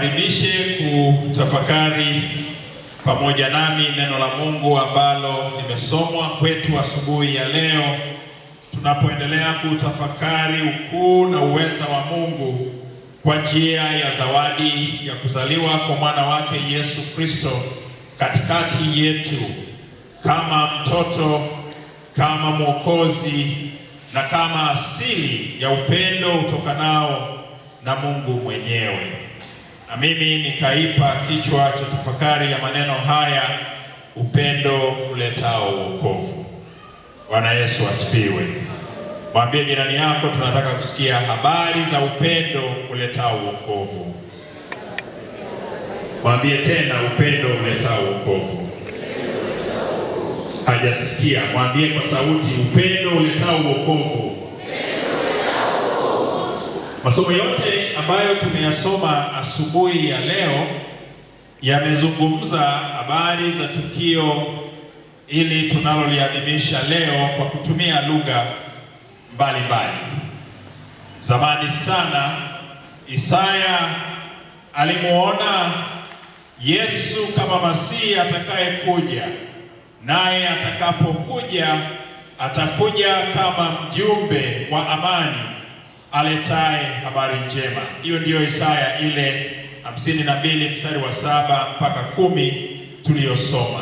niwakaribishe kutafakari pamoja nami neno la Mungu ambalo limesomwa kwetu asubuhi ya leo, tunapoendelea kutafakari ukuu na uweza wa Mungu kwa njia ya zawadi ya kuzaliwa kwa mwana wake Yesu Kristo katikati yetu kama mtoto, kama mwokozi na kama asili ya upendo utokanao na Mungu mwenyewe na mimi nikaipa kichwa cha tafakari ya maneno haya, upendo uletao wokovu. Bwana Yesu asifiwe. Mwambie jirani yako, tunataka kusikia habari za upendo uletao wokovu. Mwambie tena, upendo uletao wokovu. Hajasikia, mwambie kwa sauti, upendo uletao wokovu. Masomo yote ambayo tumeyasoma asubuhi ya leo yamezungumza habari za tukio ili tunaloliadhimisha leo kwa kutumia lugha mbalimbali. Zamani sana Isaya alimuona Yesu kama Masihi atakayekuja, naye atakapokuja atakuja kama mjumbe wa amani aletaye habari njema. Hiyo ndiyo Isaya ile hamsini na mbili mstari wa saba mpaka kumi tuliyosoma.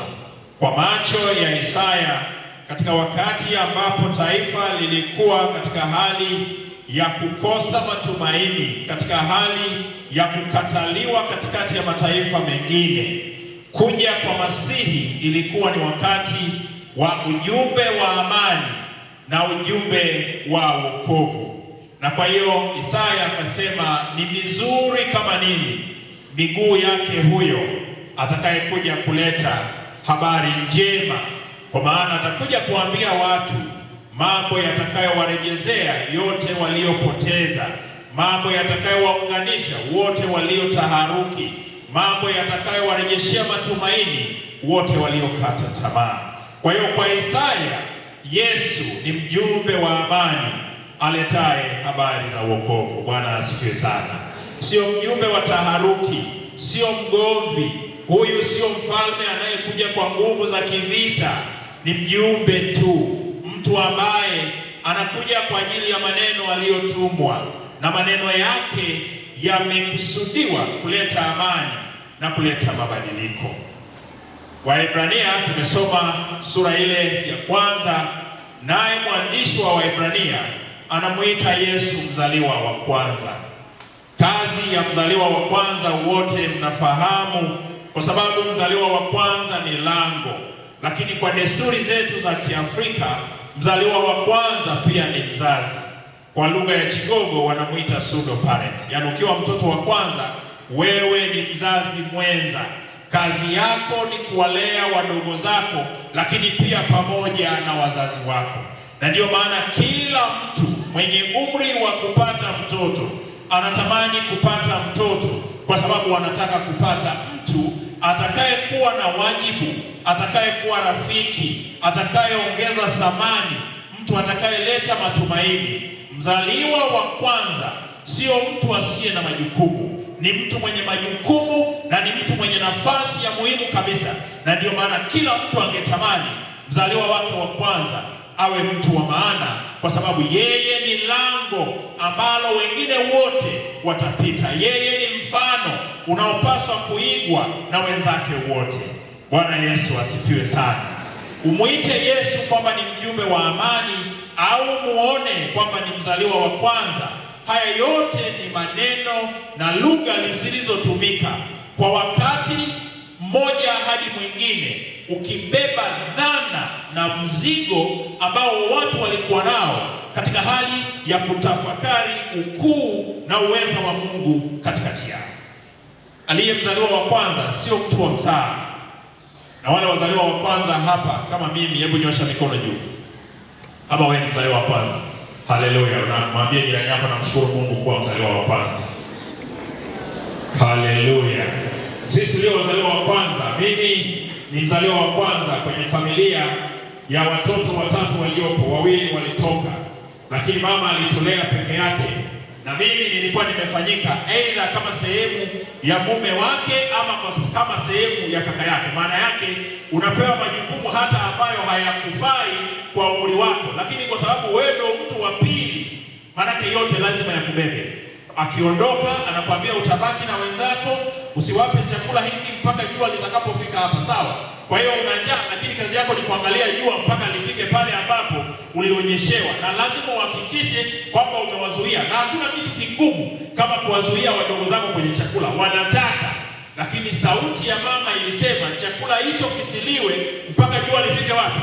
Kwa macho ya Isaya, katika wakati ambapo taifa lilikuwa katika hali ya kukosa matumaini, katika hali ya kukataliwa katikati ya mataifa mengine, kuja kwa Masihi ilikuwa ni wakati wa ujumbe wa amani na ujumbe wa wokovu. Na kwa hiyo Isaya akasema ni mizuri kama nini miguu yake huyo atakayekuja kuleta habari njema, kwa maana atakuja kuambia watu mambo yatakayowarejezea yote waliopoteza, mambo yatakayowaunganisha wote waliotaharuki, mambo yatakayowarejeshea matumaini wote waliokata tamaa. Kwa hiyo kwa Isaya Yesu ni mjumbe wa amani aletaye habari za wokovu. Bwana asifiwe sana. Sio mjumbe wa taharuki, sio mgomvi huyu, sio mfalme anayekuja kwa nguvu za kivita. Ni mjumbe tu, mtu ambaye anakuja kwa ajili ya maneno aliyotumwa, na maneno yake yamekusudiwa kuleta amani na kuleta mabadiliko. Waebrania tumesoma sura ile ya kwanza, naye mwandishi wa Waebrania anamwita Yesu mzaliwa wa kwanza. Kazi ya mzaliwa wa kwanza wote mnafahamu, kwa sababu mzaliwa wa kwanza ni lango, lakini kwa desturi zetu za Kiafrika mzaliwa wa kwanza pia ni mzazi. Kwa lugha ya Kigogo wanamwita pseudo parent, yaani ukiwa mtoto wa kwanza wewe ni mzazi mwenza. Kazi yako ni kuwalea wadogo zako, lakini pia pamoja na wazazi wako, na ndiyo maana kila mtu mwenye umri wa kupata mtoto anatamani kupata mtoto kwa sababu anataka kupata mtu atakayekuwa na wajibu, atakayekuwa rafiki, atakayeongeza thamani, mtu atakayeleta matumaini. Mzaliwa wa kwanza sio mtu asiye na majukumu, ni mtu mwenye majukumu na ni mtu mwenye nafasi ya muhimu kabisa, na ndiyo maana kila mtu angetamani mzaliwa wake wa kwanza awe mtu wa maana kwa sababu yeye ni lango ambalo wengine wote watapita. Yeye ni mfano unaopaswa kuigwa na wenzake wote. Bwana Yesu asifiwe sana. Umwite Yesu kwamba ni mjumbe wa amani au muone kwamba ni mzaliwa wa kwanza. Haya yote ni maneno na lugha zilizotumika kwa wakati mmoja hadi mwingine, ukibeba dhana na mzigo ambao watu walikuwa nao katika hali ya kutafakari ukuu na uweza wa Mungu katikati yao. Aliyemzaliwa wa kwanza sio mtu wa mtaa, na wale wazaliwa wa kwanza hapa kama mimi, hebu nyosha mikono juu kama wewe ni mzaliwa wa kwanza. Haleluya! Unamwambia jirani yako, namshukuru Mungu kuwa mzaliwa wa kwanza. Haleluya! Sisi tulio wazaliwa wa kwanza, mimi ni mzaliwa wa kwanza kwenye familia ya watoto watatu waliopo, wawili walitoka, lakini mama alitulea peke yake, na mimi nilikuwa nimefanyika aidha kama sehemu ya mume wake ama kama sehemu ya kaka yake. Maana yake unapewa majukumu hata ambayo hayakufai kwa umri wako, lakini kwa sababu wewe ndio mtu wa pili, maanake yote lazima yakubebe. Akiondoka anakuambia utabaki na wenzako usiwape chakula hiki mpaka jua litakapofika hapa, sawa? Kwa hiyo unajaa, lakini kazi yako ni kuangalia jua mpaka lifike pale ambapo ulionyeshewa, na lazima uhakikishe kwamba umewazuia, na hakuna kitu kigumu kama kuwazuia wadogo zako kwenye chakula, wanataka lakini sauti ya mama ilisema chakula hicho kisiliwe mpaka jua lifike wapi?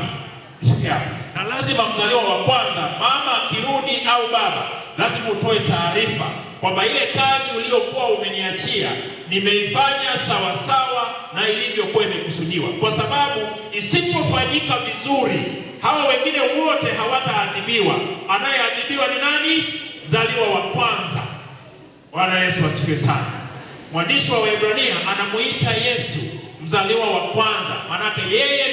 Lifike hapo. Na lazima mzaliwa wa kwanza, mama akirudi au baba, lazima utoe taarifa kwamba ile kazi uliyokuwa umeniachia nimeifanya sawasawa na ilivyokuwa imekusudiwa, kwa sababu isipofanyika vizuri hawa wengine wote hawataadhibiwa. Anayeadhibiwa ni nani? Mzaliwa wa kwanza. Bwana Yesu asifiwe sana. Mwandishi wa Waebrania anamuita Yesu mzaliwa wa kwanza, maanake yeye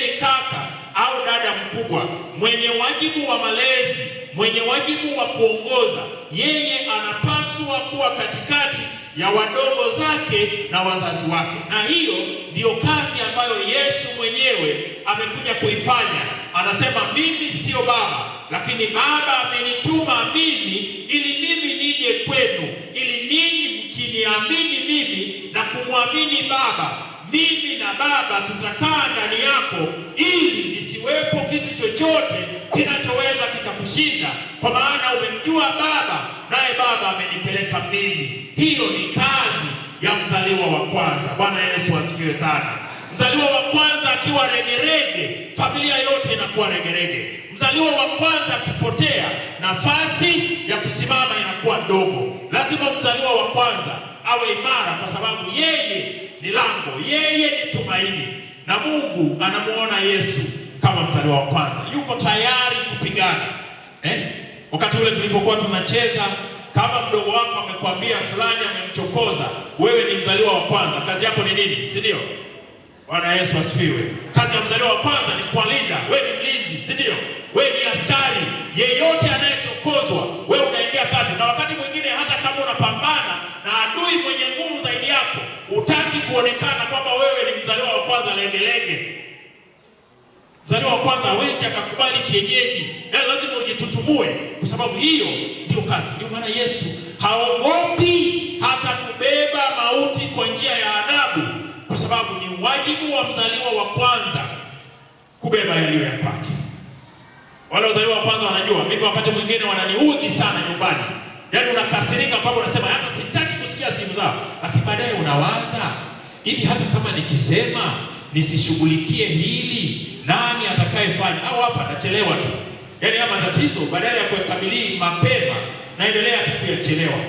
mkubwa, mwenye wajibu wa malezi, mwenye wajibu wa kuongoza, yeye anapaswa kuwa katikati ya wadogo zake na wazazi wake, na hiyo ndiyo kazi ambayo Yesu mwenyewe amekuja kuifanya. Anasema, mimi sio baba, lakini Baba amenituma mimi ili mimi nije kwenu, ili ninyi mkiniamini mimi na kumwamini Baba mimi na Baba tutakaa ndani yako, ili nisiwepo kitu chochote kinachoweza kikakushinda, kwa maana umemjua Baba naye Baba amenipeleka mimi. Hiyo ni kazi ya mzaliwa wa kwanza. Bwana Yesu asifiwe sana. Mzaliwa wa kwanza akiwa regerege, familia yote inakuwa regerege. Mzaliwa wa kwanza akipotea, nafasi ya kusimama inakuwa ndogo. Lazima mzaliwa wa kwanza awe imara, kwa sababu yeye ni lango, yeye ni tumaini, na Mungu anamuona Yesu kama mzaliwa wa kwanza, yuko tayari kupigana eh? Wakati ule tulipokuwa tunacheza, kama mdogo wako amekwambia fulani amemchokoza, wewe ni mzaliwa wa kwanza, kazi yako ni nini, si ndio? Bwana Yesu asifiwe. Kazi ya mzaliwa wa kwanza ni kuwalinda, wewe ni mlinzi, si ndio? Wewe ni askari, yeyote anaye unaonekana kwamba wewe ni mzaliwa wa kwanza legelege. Mzaliwa wa kwanza hawezi akakubali kienyeji, yaani lazima ujitutumue, kwa sababu hiyo ndio kazi. Ndio maana Yesu haogopi hata kubeba mauti kwa njia ya adabu, kwa sababu ni wajibu wa mzaliwa wa kwanza kubeba yaliyo ya kwake. Wale wazaliwa wa kwanza wanajua, mimi wakati mwingine wananiudhi sana nyumbani, yaani unakasirika mpaka unasema hata sitaki kusikia simu zao, lakini baadaye unawaza hivi. Hata kama nikisema nisishughulikie hili, nani atakayefanya? Au hapa atachelewa tu, yaani haya matatizo badala ya kuyakabili mapema naendelea tu kuyachelewa.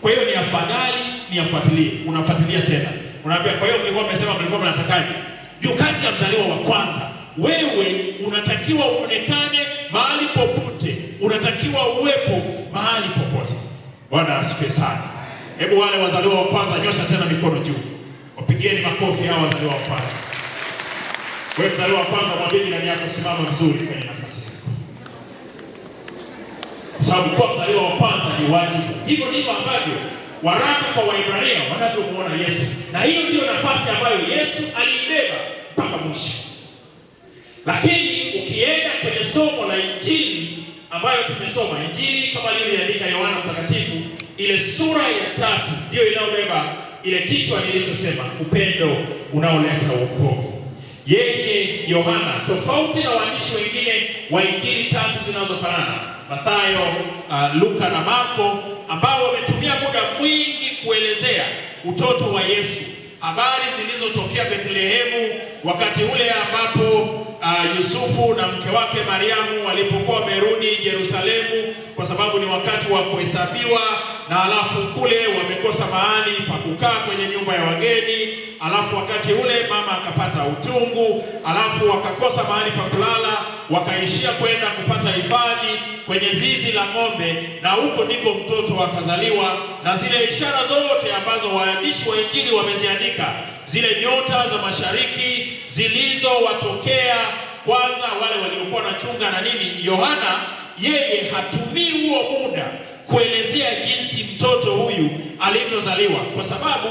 Kwa hiyo ni afadhali niyafuatilie. Unafuatilia tena, unaambia, kwa hiyo mlikuwa mmesema, mlikuwa mnatakaje? Ndio kazi ya mzaliwa wa kwanza. Wewe unatakiwa uonekane mahali popote, unatakiwa uwepo mahali popote. Bwana asifiwe sana. Hebu wale wazaliwa wa kwanza nyosha tena mikono juu. Pigieni makofi hawa wazaliwa wa kwanza. Wewe mzaliwa wa kwanza, mwambie jirani yako, simama vizuri kwenye nafasi yako, kwa sababu kuwa mzaliwa wa kwanza ni wajibu. Hivyo ndivyo ambavyo waraka kwa Waibrania wanavyomuona Yesu, na hiyo ndiyo nafasi ambayo Yesu aliibeba mpaka mwisho. Lakini ukienda kwenye somo la injili ambayo tumesoma, injili kama ilivyoandika Yohana Mtakatifu, ile sura ya tatu ndiyo inayobeba ile kichwa nilichosema, upendo unaoleta wokovu. Yeye Yohana, tofauti na waandishi wengine wa injili tatu zinazofanana Mathayo, uh, Luka na Marko, ambao wametumia muda mwingi kuelezea utoto wa Yesu, habari zilizotokea Bethlehemu wakati ule ambapo uh, Yusufu na mke wake Mariamu walipokuwa wamerudi Yerusalemu, kwa sababu ni wakati wa kuhesabiwa, na alafu kule wamekosa mahali pa kukaa kwenye nyumba ya wageni, alafu wakati ule mama akapata utungu, alafu wakakosa mahali pa kulala wakaishia kwenda kupata hifadhi kwenye zizi la ng'ombe, na huko ndiko mtoto akazaliwa. Na zile ishara zote ambazo waandishi wa Injili wameziandika, zile nyota za mashariki zilizowatokea kwanza wale waliokuwa na chunga na nini, Yohana yeye hatumii huo muda kuelezea jinsi mtoto huyu alivyozaliwa, kwa sababu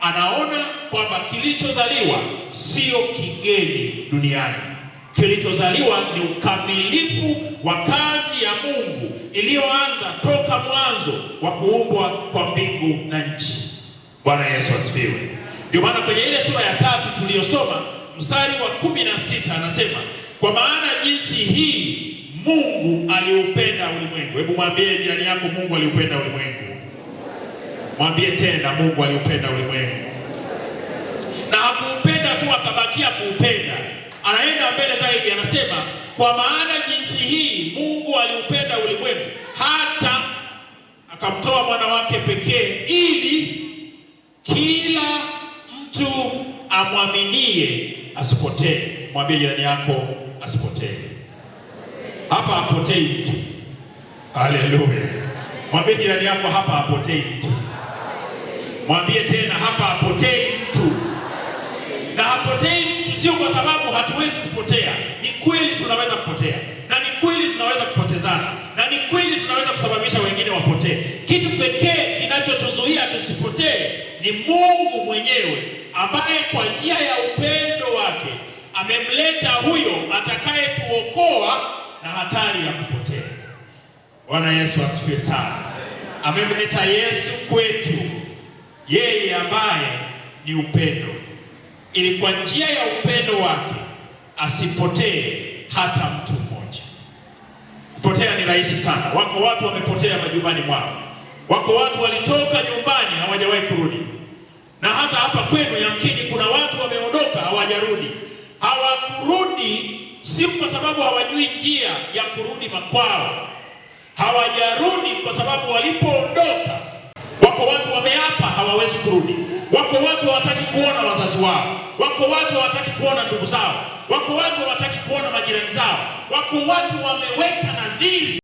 anaona kwamba kilichozaliwa sio kigeni duniani. Kilichozaliwa ni ukamilifu wa kazi ya Mungu iliyoanza toka mwanzo wa kuumbwa kwa mbingu na nchi. Bwana Yesu asifiwe. Ndio maana kwenye ile sura ya tatu tuliyosoma mstari wa kumi na sita anasema kwa maana jinsi hii Mungu aliupenda ulimwengu. Hebu mwambie jirani yako, Mungu aliupenda ulimwengu. Mwambie tena, Mungu aliupenda ulimwengu, na hakuupenda tu akabakia kuupenda anaenda mbele zaidi, anasema kwa maana jinsi hii Mungu aliupenda ulimwengu hata akamtoa mwana wake pekee, ili kila mtu amwaminie asipotee. Mwambie jirani yako asipotee. Hapa apotei mtu. Haleluya! Mwambie jirani yako hapa apotei mtu. Mwambie tena hapa apotee hatuwezi kupotea. Ni kweli tunaweza kupotea, na ni kweli tunaweza kupotezana, na ni kweli tunaweza kusababisha wengine wapotee. Kitu pekee kinachotuzuia tusipotee ni Mungu mwenyewe, ambaye kwa njia ya upendo wake amemleta huyo atakayetuokoa na hatari ya kupotea. Bwana Yesu asifiwe sana. Amemleta Yesu kwetu, yeye ambaye ni upendo. Ili kwa njia ya upendo wake asipotee hata mtu mmoja. Kupotea ni rahisi sana. Wako watu wamepotea majumbani mwao, wako watu walitoka nyumbani hawajawahi kurudi, na hata hapa kwenu yamkini kuna watu wameondoka hawajarudi. Hawakurudi si kwa sababu hawajui njia ya kurudi makwao, hawajarudi kwa sababu walipoondoka. Wako watu wameapa hawawezi kurudi Wako watu hawataki kuona wazazi wao, wako watu hawataki kuona ndugu zao, wako watu hawataki kuona majirani zao, wako watu wameweka nadhiri